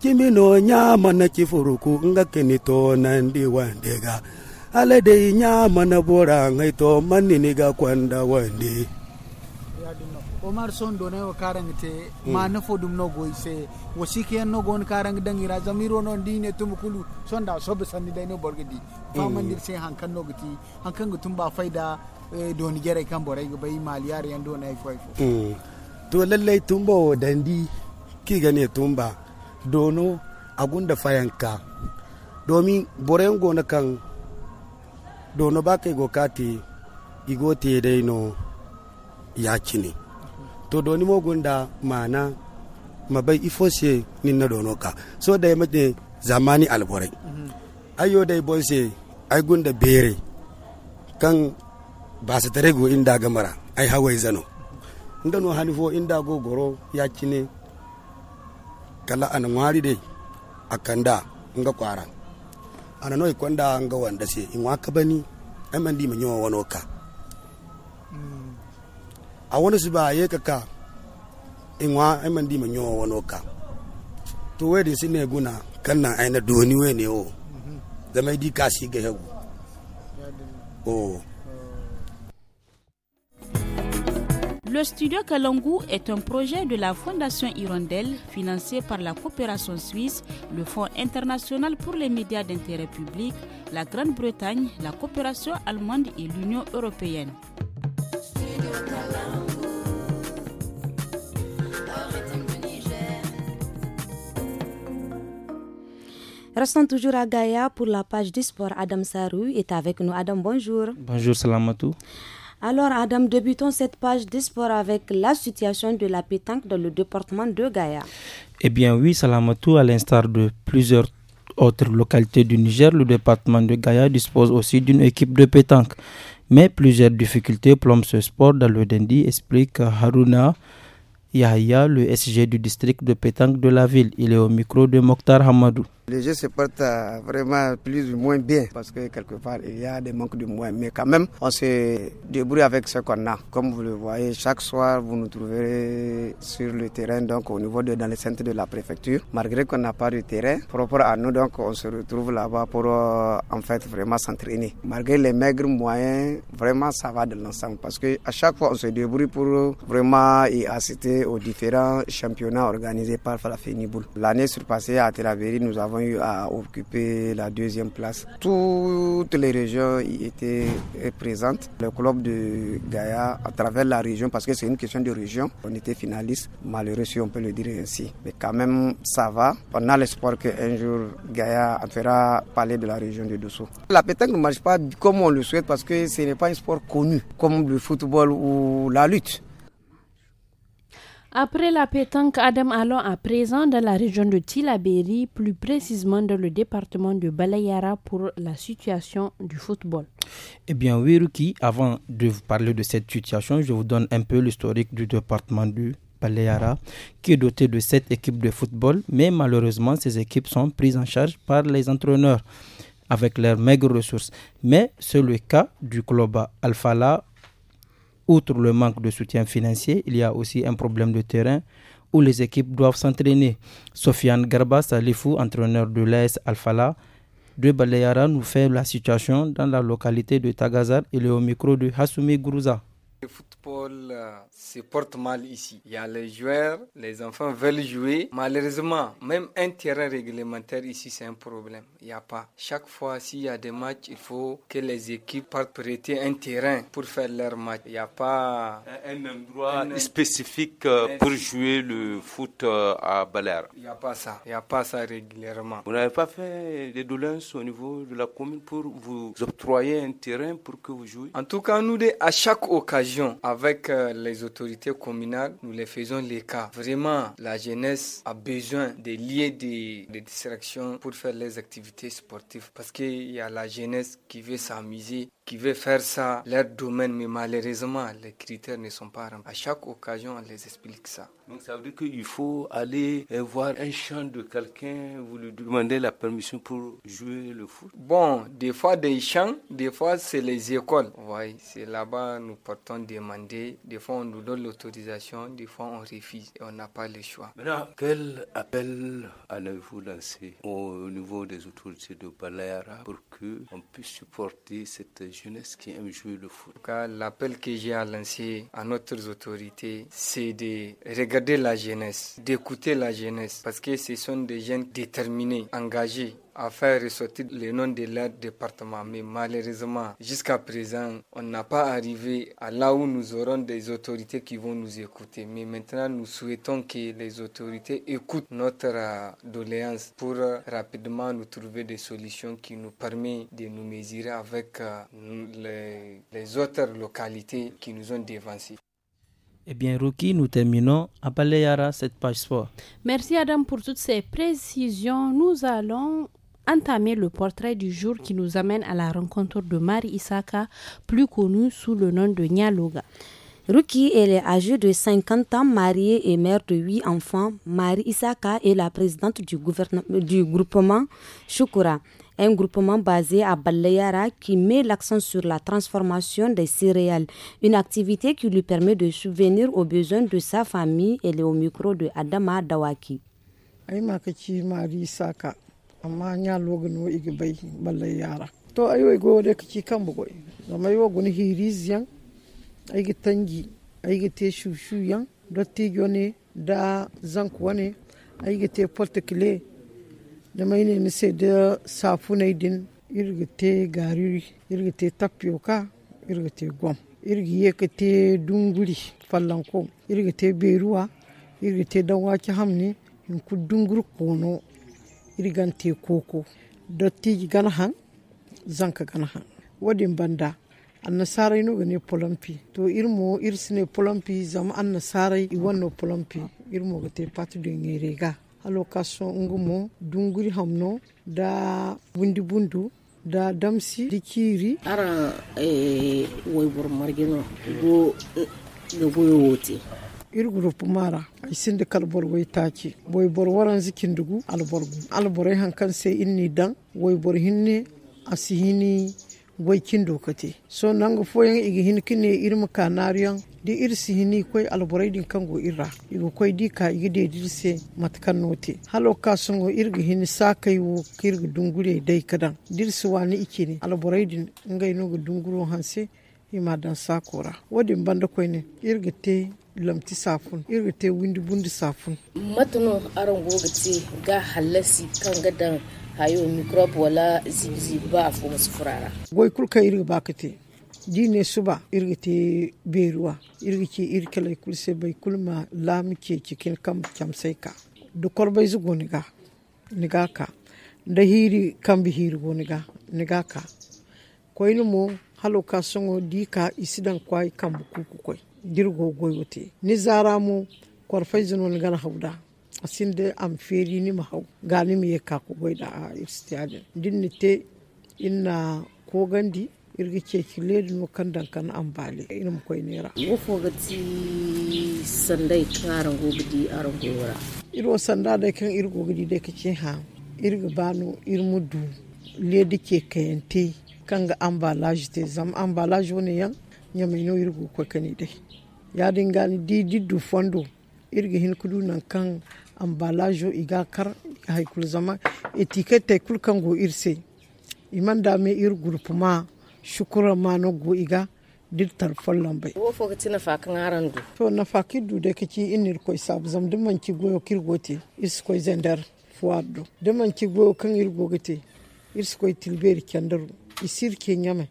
Speaker 7: nya nyama na kifuruku nga kini to na ndi ga ale de nyama na bora ngai to ni ga kwanda wande omar son do ne karang te mm. ma na fo dum no go se wo sike
Speaker 8: no go on karang dangi ra zamiro no dine tum kulu son da so be sanni dai no borgedi mm. fa mandir se hankan no giti hankan gutum ba faida Eh, doni gere kan borai ga bai maliyar yan dona ya ifo ifo
Speaker 7: eh, to lallai tumba wa dandi ki gane tumba dono a gunda fayanka domin boren gona kan dono ba kai gokati igote dai no ya ne to doni gunda mana ifo se nin na dono ka so da mate zamani alborai mhm. ayo dai bonse ai gunda bere kan basatarego indaga mara ai hawai zano no hanifo go goro kine kala ana ngwari dai akanda nga kwara ana noy kwanda nga wanda se inwa kabani amma ndi manyo wano ka a wani su ba ye kaka wa amma ndi manyo wano ka to we de sine guna kanna aina doni we ne o mhm. zama di kasi ga hego o
Speaker 9: Le studio Kalangu est un projet de la Fondation Hirondelle financé par la coopération suisse, le Fonds international pour les médias d'intérêt public, la Grande-Bretagne, la coopération allemande et l'Union européenne.
Speaker 1: Restons toujours à Gaïa pour la page du Adam Sarou est avec nous. Adam, bonjour.
Speaker 5: Bonjour, Salamatou.
Speaker 1: Alors Adam, débutons cette page des avec la situation de la pétanque dans le département de Gaïa.
Speaker 5: Eh bien oui, Salamatou, à l'instar de plusieurs autres localités du Niger, le département de Gaïa dispose aussi d'une équipe de pétanque. Mais plusieurs difficultés plombent ce sport dans le Dendi, explique Haruna Yahya, le SG du district de Pétanque de la ville. Il est au micro de Mokhtar Hamadou.
Speaker 12: Les jeux se portent euh, vraiment plus ou moins bien parce que quelque part il y a des manques de moyens. Mais quand même, on se débrouille avec ce qu'on a. Comme vous le voyez, chaque soir vous nous trouverez sur le terrain, donc au niveau de dans le centre de la préfecture. Malgré qu'on n'a pas de terrain propre à nous, donc on se retrouve là-bas pour euh, en fait vraiment s'entraîner. Malgré les maigres moyens, vraiment ça va de l'ensemble parce qu'à chaque fois on se débrouille pour euh, vraiment y assister aux différents championnats organisés par Boule. L'année surpassée à Telaveri, nous avons eu à occuper la deuxième place. Toutes les régions y étaient présentes. Le club de Gaïa, à travers la région, parce que c'est une question de région, on était finaliste, malheureux si on peut le dire ainsi. Mais quand même, ça va. On a l'espoir qu'un jour, Gaïa fera parler de la région de Dosso. La pétanque ne marche pas comme on le souhaite parce que ce n'est pas un sport connu, comme le football ou la lutte.
Speaker 2: Après la pétanque, Adam allons à présent dans la région de Tilaberi, plus précisément dans le département de Balayara pour la situation du football.
Speaker 5: Eh bien oui, Ruki, avant de vous parler de cette situation, je vous donne un peu l'historique du département du Balayara, qui est doté de sept équipes de football, mais malheureusement, ces équipes sont prises en charge par les entraîneurs avec leurs maigres ressources. Mais c'est le cas du club Alphala Outre le manque de soutien financier, il y a aussi un problème de terrain où les équipes doivent s'entraîner. Sofiane Garba Salifou, entraîneur de l'AS Alfala, de Baleyara, nous fait la situation dans la localité de Tagazar. Il est au micro de Hassoumi Gourouza. Le
Speaker 13: football euh, se porte mal ici. Il y a les joueurs, les enfants veulent jouer. Malheureusement, même un terrain réglementaire ici, c'est un problème. Il n'y a pas. Chaque fois, s'il y a des matchs, il faut que les équipes partent prêter un terrain pour faire leur match. Il n'y a pas un, endroit euh,
Speaker 5: spécifique pour jouer le foot euh, à Balère,
Speaker 13: Il n'y a pas ça. Il n'y a pas ça régulièrement. Vous
Speaker 5: n'avez pas fait des doléances au niveau de la commune pour vous
Speaker 13: octroyer un terrain pour que vous jouiez En tout cas, nous, à chaque occasion, avec euh, les autorités communales, nous les faisons les cas. Vraiment, la jeunesse a besoin des liens, des, distractions pour faire les activités sportives parce qu'il y a la jeunesse qui veut s'amuser qui veut faire ça, leur domaine, mais malheureusement, les critères ne sont pas remplis. À chaque occasion, on les explique ça. Donc ça veut dire qu'il faut aller voir un champ de quelqu'un, vous lui demandez la permission pour jouer le foot Bon, des fois des champs, des fois c'est les écoles. Oui, c'est là-bas nous portons demander, des fois on nous donne l'autorisation, des fois on refuse et on n'a pas le choix. Maintenant, quel appel allez-vous lancer au niveau des autorités de Balayara pour qu'on puisse supporter cette jeunesse qui aime jouer le foot L'appel que j'ai à lancer à notre autorité, c'est de regarder la jeunesse, d'écouter la jeunesse, parce que ce sont des jeunes déterminés, engagés à faire ressortir le noms de leur département. Mais malheureusement, jusqu'à présent, on n'a pas arrivé à là où nous aurons des autorités qui vont nous écouter. Mais maintenant, nous souhaitons que les autorités écoutent notre euh, doléance pour euh, rapidement nous trouver des solutions qui nous permettent de nous mesurer avec euh, les, autres localités qui nous ont dévancés.
Speaker 5: Eh bien, Ruki, nous terminons à Baleyara cette page sport.
Speaker 2: Merci Adam pour toutes ces précisions. Nous allons entamer le portrait du jour qui nous amène à la
Speaker 1: rencontre de Marie Isaka, plus connue sous le nom de Nyaloga. Ruki, elle est âgée de 50 ans, mariée et mère de 8 enfants. Marie Isaka est la présidente du, du groupement Shukura, un groupement basé à Balayara qui met l'accent sur la transformation des céréales, une activité qui lui permet de subvenir aux besoins de sa famille. Elle est au micro de Adama Dawaki.
Speaker 10: amma y'a loga no igi bai ballai yara to ayo go de kiki kan bugo zama wa guni hiriziyan aigi tangi aigi te shushuyan dotti ne da zankuwa ne aigi te portikile da mai ne nise da safunai din te gariri te tapioka irgite gwam irgi te dunguri fallanko te beruwa te dan wake hamni in ku dungur kono irigante koko dottiji gana han zanka gana han wadin banda annasarai no ne polampi. to irmo irsine polompi zama annasarai iwanno polampi irmo te patu de ngerega halo kaso ngumo dunguri hamno da bundi bundu da damsi dikiri ara eh, waibor margino go da eh, goyo wote irguru grupu mara ai sinda kal borgo itaki boy bor waran zikin al borgo al boray hankan sai inni dan woy bor hinne asihini goy kindu kate so nanga foyan igi hin kine irma kanariyan di irsi hini koy alboray din kango irra igo koy di ka igi de dirse matkan note halo ka sungo irgi hini sakay wo kirgi dungure dai kadan dirsi wani ikini alboray din ngay no dunguro hanse ima dan sakora wadin banda koy ne irgi te lamti safun irin ta windi bundi safun
Speaker 3: matanon aron goga ce
Speaker 9: ga halasi kan gadan hayo microbe wala zibzi ba a fuma su furara
Speaker 10: goyi kulka irin baka te dine suba irga te beruwa irin ke irin lai kulse bai kulma lami ke cikin kam kyamsai ka da kwarbai zugo niga niga ka da hiri kan bi hiri go niga niga ka koyilmo haloka songo di ka isidan kwai kan bukuku kwai dirgo goyote ni zara mu kwarfai zinon gan hauda sin da amferi ni mahau gani mu yaka ku da a istiyadin din ni te ina ko gandi irgi ke kile da nukan dankan ambali ina mu koi nera
Speaker 9: wofo ga ti sandai karan gobidi aran gora
Speaker 10: iro sanda da kan irgo gidi da kace ha irga bano irmudu le ke kayante kan ga ambalage te zam ambalage ne yan nyamino irgo kwakani dai ya dinga di du fondo irga hin kudu nan kan ambalajo iga kar kul zama etikete kul kan go irse iman da me ir ma shukura ma no go iga dir tarfon lambai
Speaker 9: wo fo kitina fa kan aran du
Speaker 10: to na fa kiddu da kici inir ko sab zam dum man ki goyo kirgote is ko zender fuardo dum man ki goyo kan ir gogote is ko tilber kendaru isir ke nyame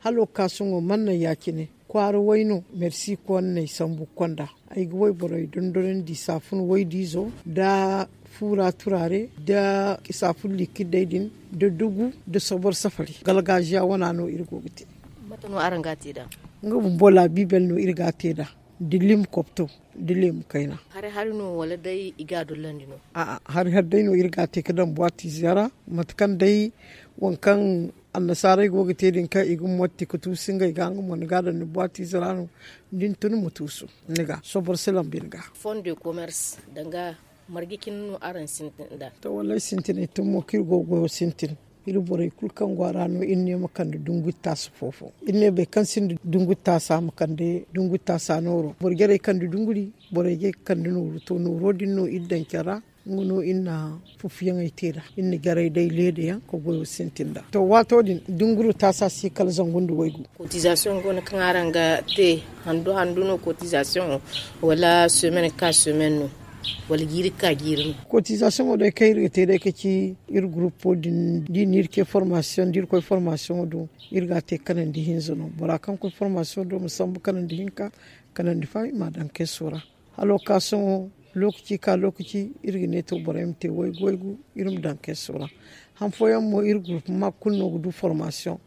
Speaker 10: halo kasungo manna yakine kwaro waino merci ko ne sambu konda ay goy boroy dondoren di safun way dizo da fura turare da safun likidai din da dugu da sabar safari galgajiya wana no irgo gite
Speaker 9: matano aranga da
Speaker 10: ngum bola bibel no irga te da. dilim kopto dilim kaina
Speaker 9: har har no wala dai iga landino
Speaker 10: a a har har dai no irga te kadan buati ziyara matkan dai wankan annasarai goge tedin ka igun motti kutu singa iga ngu mon gada ni buwati zirano din mutu su niga sobor selam binga
Speaker 9: fond de commerce danga margikin no aran sintin da
Speaker 10: ta wallai sintin ita mo kiri go sintin iri borai kul gwara no in ne makan da dungu su fofo in ne bai kan sin dungutta dungu tasa makan da dungu tasa noro borgere kan da dunguri borai kan da noro to noro din no iddan kera ngono ina fufiyan itira inni garai dai lede ya ko goyo sintinda to wato din dunguru ta sa si kal zangundu waigu
Speaker 9: cotisation ko na kangaranga te handu handu no cotisation wala semaine ka semaine no wala giri ka giri
Speaker 10: cotisation o dai kai rete dai kaci ir grupo din din ir ke formation dir ko formation do ir ga te kanan di hinzo no bora kan ko formation do musam kanan di hinka kanan di fa ma dan ke sura allocation lokaci ka lokaci irgine to borem te irum sura han foyam mo ir group ma kunno du formation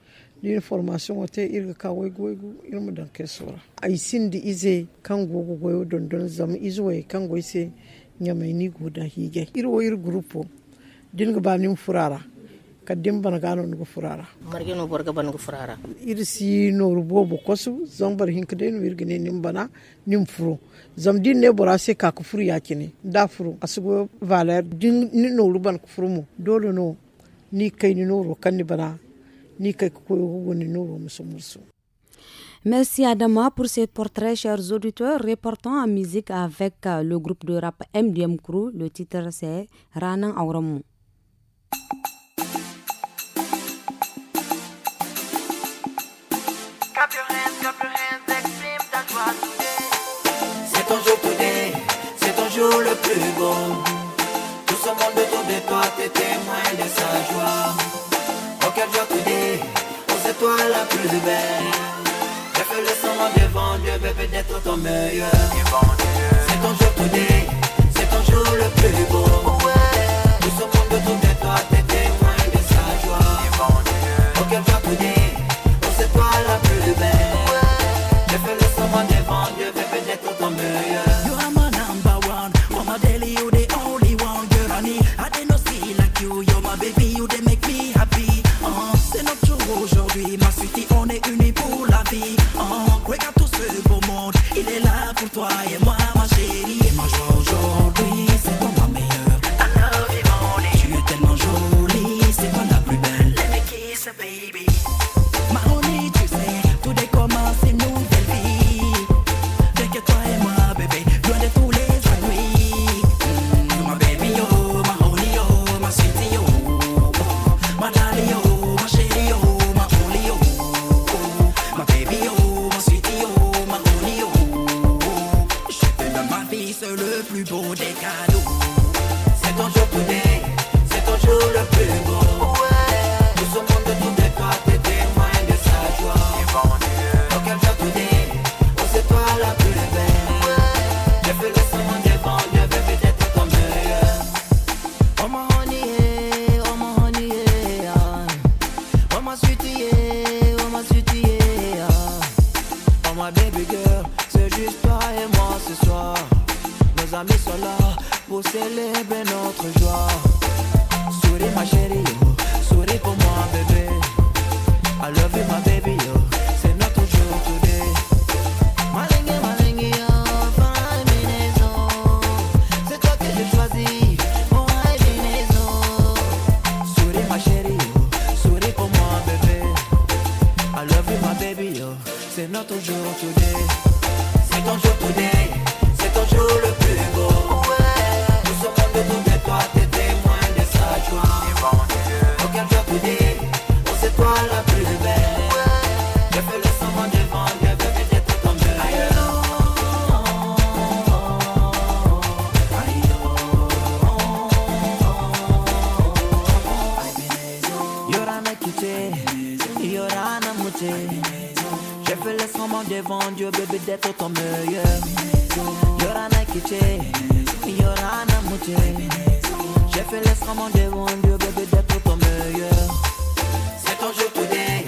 Speaker 10: din formation wote irga ka wai goigu irum sura ai sindi ize kan gogo goyo don don zam izwe kan ni goda hige irwo ir group din furara ka den barga no nugu furara
Speaker 9: marge no barga ban nugu
Speaker 10: furara irsi no rubo bo kosu zam bar hin kede no irgine nim bana nim furo zam din ne bora se ka ku furu yakini da furu asugo valer din ni no ruban ku furu mu dole no ni kai ni no kan ni bana ni kay ku ko ni no musu musu Merci Adama pour ce portrait, chers auditeurs.
Speaker 1: Reportant en musique avec euh, le groupe de rap MDM Crew. Le titre, c'est Ranan Auramu.
Speaker 6: C'est ton jour dé, c'est ton jour le plus beau. Tout ce monde autour de toi, t'es témoin de sa joie. Oh jour joie tout c'est toi la plus belle. J'ai fait le sang devant Dieu, bébé être ton meilleur. C'est ton jour dé c'est ton jour le plus beau. Tout ce monde autour de toi, t'es témoin de sa joie. Aucun jour tout dé Dieu baby deto tomeye Yora na kiche Yora na muje J'ai fait les commandes mon dieu baby ton meilleur C'est ton jour today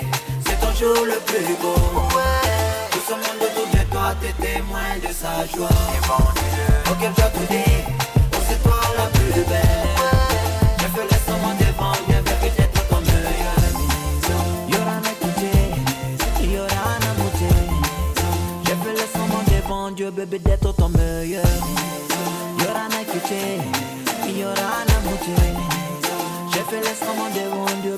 Speaker 6: C'est ton jour le plus beau Tout ce monde autour de toi T'es témoin de sa joie Et mon dieu Ok jour today c'est toi la plus belle Dieu bébé d'être ton meilleur Y'aura na kité, y'aura na beauté J'ai fait l'escamant devant Dieu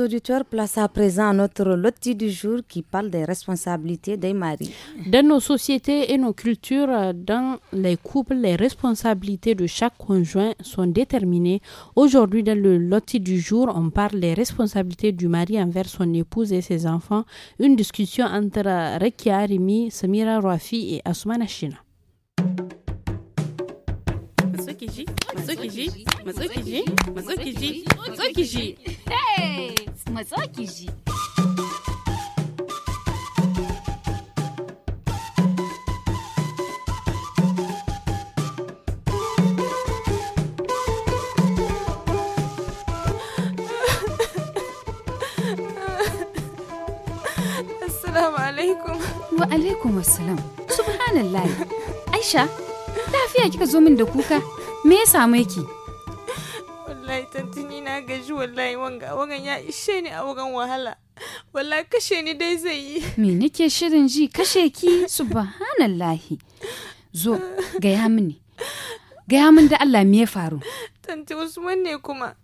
Speaker 1: auditeurs, place à présent notre loti du jour qui parle des responsabilités des maris. Dans nos sociétés
Speaker 2: et nos cultures, dans les couples, les responsabilités de chaque conjoint sont déterminées. Aujourd'hui, dans le loti du jour, on parle des responsabilités du mari envers son épouse et ses enfants. Une discussion entre Rekia Arimi, Samira Rafi et Asumana Shina.
Speaker 14: Hey! matso ki ji. Assalamu alaikum. Wa alaikum assalam. Subhanallah. Aisha, lafiya kika zo min da kuka? Me ya same ki?
Speaker 3: wallahi wanga wagan ya ishe ni a wagan wahala wallahi kashe ni dai zai yi
Speaker 14: me nake shirin ji kashe ki subhanallahi zo gaya mini gaya min da Allah me ya faru
Speaker 3: tanti Usman ne kuma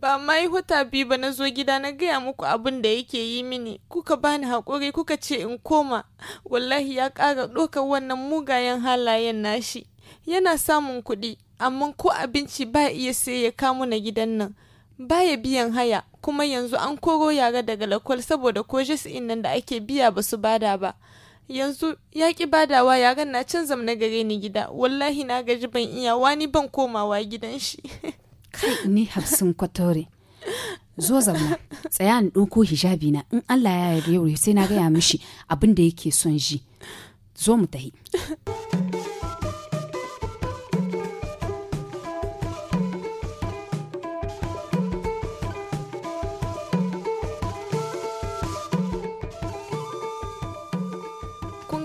Speaker 3: ba ma yi wata biyu ba na zo gida na gaya muku abin da yake yi mini kuka bani haƙuri kuka ce in koma wallahi ya ƙara doka wannan mugayen halayen nashi yana samun kuɗi amma ko abinci ba iya sai ya kamu na gidan nan baya biyan haya kuma yanzu an koro yara daga lakwal saboda ko in nan da ake biya ba su bada ba yanzu ya ki badawa yaran na can zamna gare ni gida wallahi na gaji ban iya wani ban komawa gidan shi
Speaker 14: kai ni hafsin kwatore zo zauna tsaya in ɗauko hijabi na in Allah ya yarda sai na gaya mishi abin da yake son ji zo mu tahi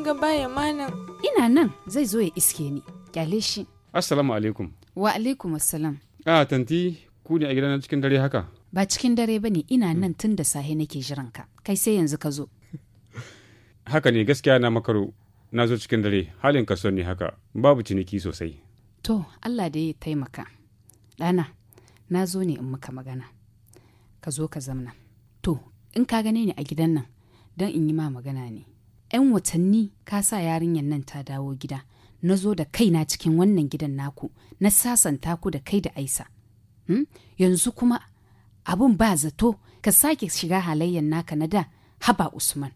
Speaker 14: gaba ya Ina nan zai zo ya iske ni. Kyale shi.
Speaker 15: Assalamu alaikum.
Speaker 14: Wa alaikum assalam.
Speaker 15: A tanti ku ne a gidan cikin dare haka?
Speaker 14: Ba cikin dare ba ne ina nan tun da sahe nake jiran ka. Kai sai yanzu ka zo.
Speaker 15: haka ne gaskiya na makaro. Na zo cikin dare halin ka ne haka babu ciniki sosai.
Speaker 14: To Allah da ya taimaka. Ɗana na zo ne in maka magana. Ka zo ka zamna. To in ka gane ni a gidan nan don in yi ma magana ne. 'yan watanni ka sa yarinyar nan ta dawo gida na zo da kaina cikin wannan gidan naku na sasanta ku da kai da aisa hmm? yanzu kuma abun ba zato ka sake shiga halayyar naka na da haba usman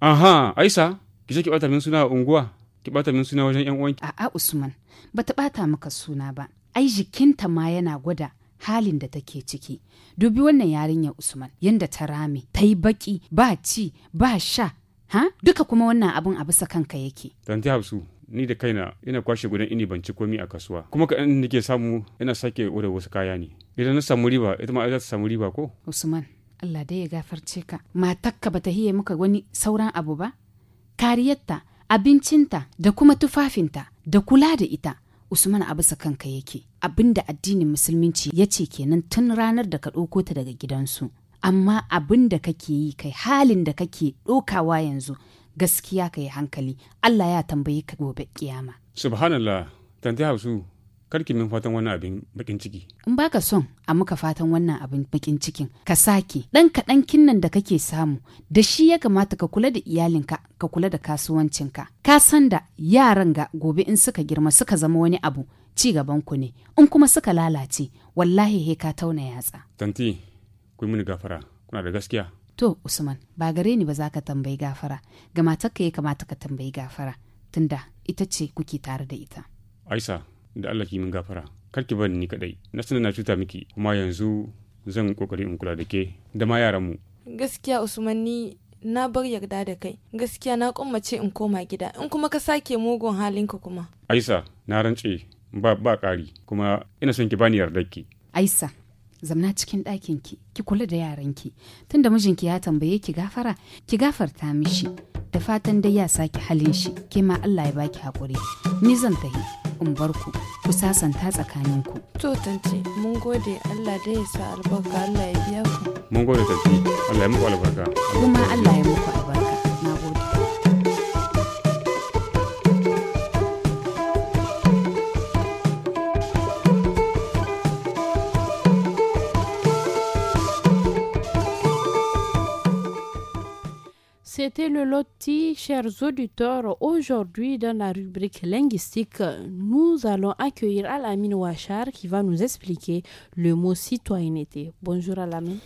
Speaker 15: aha aisa ki ki bata min suna a unguwa ki bata min suna wajen yan uwanki
Speaker 14: a'a usman bata bata maka suna ba ai jikinta ma yana gwada halin da take ciki dubi wannan yarinyar usman yadda ta rame ta yi baki ba ci ba sha ha duka kuma wannan abun a bisa kanka yake
Speaker 15: tanti hafsu ni da kaina ina kwashe gudan ini ban ci komi a kasuwa kuma ka da nake samu ina sake wurin wasu kaya ne idan na samu riba ita ma za ta samu riba ko
Speaker 14: usman allah dai ya gafarce ka matakka bata hiye muka wani sauran abu ba kariyarta abincinta da kuma tufafinta da kula da ita usman a bisa kanka yake abinda addinin musulminci ya ce kenan tun ranar da ka ɗauko ta daga gidansu amma abin da kake yi kai halin da kake ɗokawa yanzu gaskiya ka yi hankali Allah ya tambayi ka gobe kiyama.
Speaker 15: Subhanallah, tante Hausu, karki min fatan wannan abin bakin ciki.
Speaker 14: In baka son a muka fatan wannan abin bakin cikin, ka sake ɗan kaɗan kinnan da kake samu, da shi ya kamata ka kula da iyalinka, ka kula da kasuwancinka. Ka san da yaran ga gobe in suka girma suka zama wani abu, ci gaban ku ne, in kuma suka lalace, wallahi he ka tauna yatsa.
Speaker 15: Tanti, ku mini gafara kuna da gaskiya
Speaker 14: to usman ba gare ni ba za ka tambayi gafara ga matarka ya kamata ka tambayi gafara tunda ita ce kuke tare da ita
Speaker 15: aisa da allah ki min gafara kar ki bani ni kadai na sanar na cuta miki kuma yanzu zan kokari in kula da ke da ma yaran mu
Speaker 14: gaskiya
Speaker 1: usman ni na bar yarda da kai gaskiya na kummace in koma gida in kuma ka sake
Speaker 14: mugun halinka kuma
Speaker 15: aisa na rantse ba ba ƙari kuma ina son ki bani yardar ki
Speaker 14: aisa zamna cikin ɗakin ki ki kula da yaran ki tunda mijinki ya tambaye ki gafara ki gafarta mishi da fatan dai ya saki halin shi ke ma Allah ya baki hakuri ni zan tahi in bar ku ku sasanta tsakanin ku to tance
Speaker 2: mun gode Allah dai ya sa albarka Allah ya biya ku
Speaker 15: mun gode tafi Allah ya muku albarka
Speaker 14: kuma Allah ya muku
Speaker 2: c'était le loti, chers auditeurs. Aujourd'hui, dans la rubrique linguistique, nous allons accueillir Alamine Ouachar qui va nous expliquer le mot citoyenneté. Bonjour Alamine.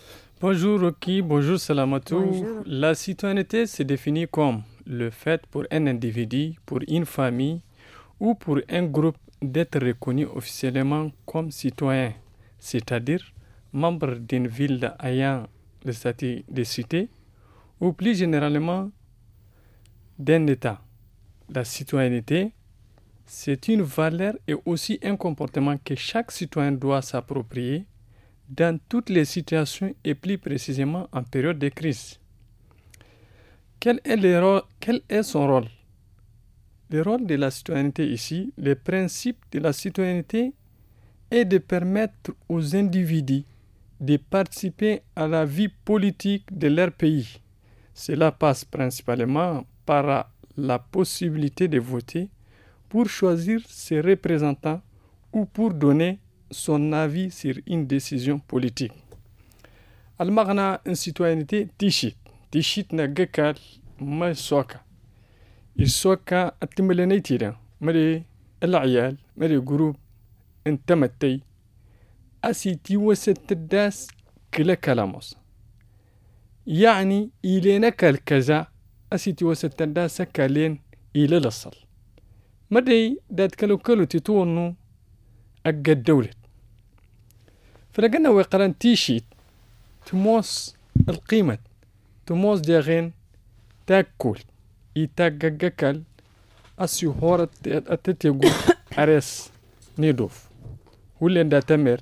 Speaker 16: Bonjour Rocky, bonjour Salamatou. La citoyenneté se définit comme le fait pour un individu, pour une famille ou pour un groupe d'être reconnu officiellement comme citoyen, c'est-à-dire membre d'une ville ayant le statut de cité ou plus généralement d'un État. La citoyenneté, c'est une valeur et aussi un comportement que chaque citoyen doit s'approprier dans toutes les situations et plus précisément en période de crise. Quel est, son rôle Le rôle de la citoyenneté ici, le principe de la citoyenneté est de permettre aux individus de participer à la vie politique de leur pays cela passe principalement par la possibilité de voter pour choisir ses représentants ou pour donner son avis sur une décision politique. Maghna, une citoyenneté tishit. Tishit na gekal ma soka. Il soka atimelene tira. le groupe مري a انتمت en train de se كلاموس يعني إلي نكال كذا أسيتي وستن دا سكالين إلى لصل مدي داد كلو كلو تتونو أقا الدولة فلقنا ويقران تيشيت تموس القيمة تموس داغين تاكل يتاقاقاكل أسيو هورة أتتيقو أريس نيدوف ولين دا تمر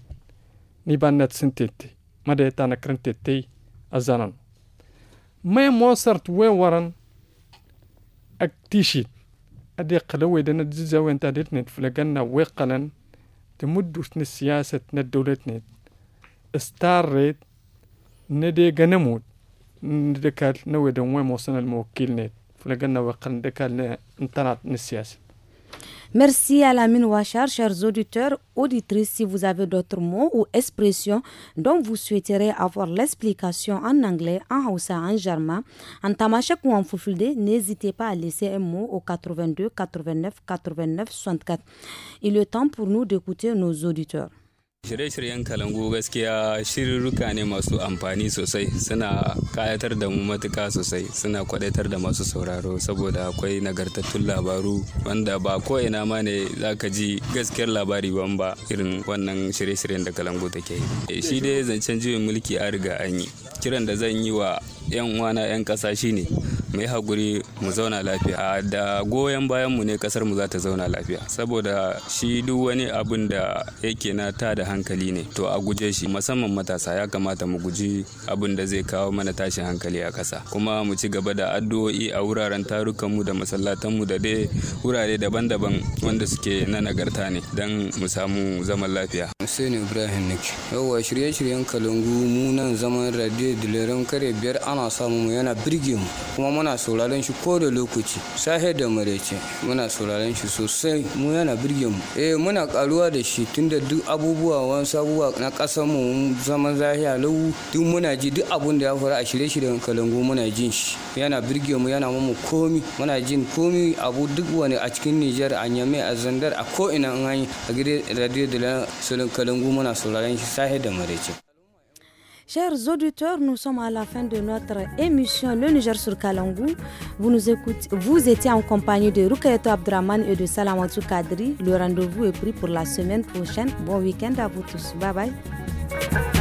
Speaker 16: نيبان نتسنتيتي سنتيتي مدي تانا كرنتيتي أزانانو ما موصرت وين ورن اكتشيت ادي قلوي دنا دزاوين تاع نت فلقنا ويقلا تمدو شن السياسة تنا الدولتنا استاريت ندي قنمود ندكال نوي وين موصلنا الموكل نت فلقنا ويقلا ندكال انطلعت السياسة
Speaker 1: Merci à la mine Wachar, chers auditeurs, auditrices, si vous avez d'autres mots ou expressions dont vous souhaiterez avoir l'explication en anglais, en haussa, en germain, en tamashek ou en fufulde, n'hésitez pas à laisser un mot au 82 89 89 64. Il est temps pour nous d'écouter nos auditeurs.
Speaker 15: Shirye-shiryen kalangu gaskiya shirirruka ne masu amfani sosai suna kayatar da mu matuka sosai suna kwadatar da masu sauraro saboda akwai nagartattun labaru wanda ba ko'ina ma ne zaka ji gaskiyar labari ban ba irin wannan shirye-shiryen da kalangu take yi. Eh, shi dai zancen juyin mulki an riga an yi. Kiran da zan yi wa 'yan uwana 'yan ƙasa shine mu yi haƙuri mu zauna lafiya a da goyon bayan mu ne kasar mu za ta zauna lafiya saboda shi duk wani abin da yake na ta da hankali ne to a guje shi musamman matasa ya kamata mu guji abin da zai kawo mana tashin hankali a kasa. kuma mu ci gaba da addu'o'i a wuraren tarukan mu da masallatan mu da dai wurare daban-daban wanda suke na nagarta ne dan mu samu zaman lafiya. Hussein Ibrahim
Speaker 13: Nick yawa shirye-shiryen Kalungu mu nan zaman Radio Dileran kare biyar ana samu yana birge kuma muna sauraron shi ko da lokaci sahe da marece muna sauraron shi sosai mu yana birge mu eh muna karuwa da shi tunda duk abubuwa wani sabuwa na kasar mu zaman zahiya lau duk muna ji duk abun da ya faru a shirye shiryen kalangu muna jin shi yana birge mu yana mu komi muna jin komi abu duk wani a cikin Nijar a Nyame a Zandar a ko ina an yi a gidan radio da salon kalangu muna sauraron shi sahe da marece
Speaker 1: Chers auditeurs, nous sommes à la fin de notre émission Le Niger sur Kalangou. Vous nous écoutez, vous étiez en compagnie de Rukayeto Abdraman et de Salamatou Kadri. Le rendez-vous est pris pour la semaine prochaine. Bon week-end à vous tous. Bye bye.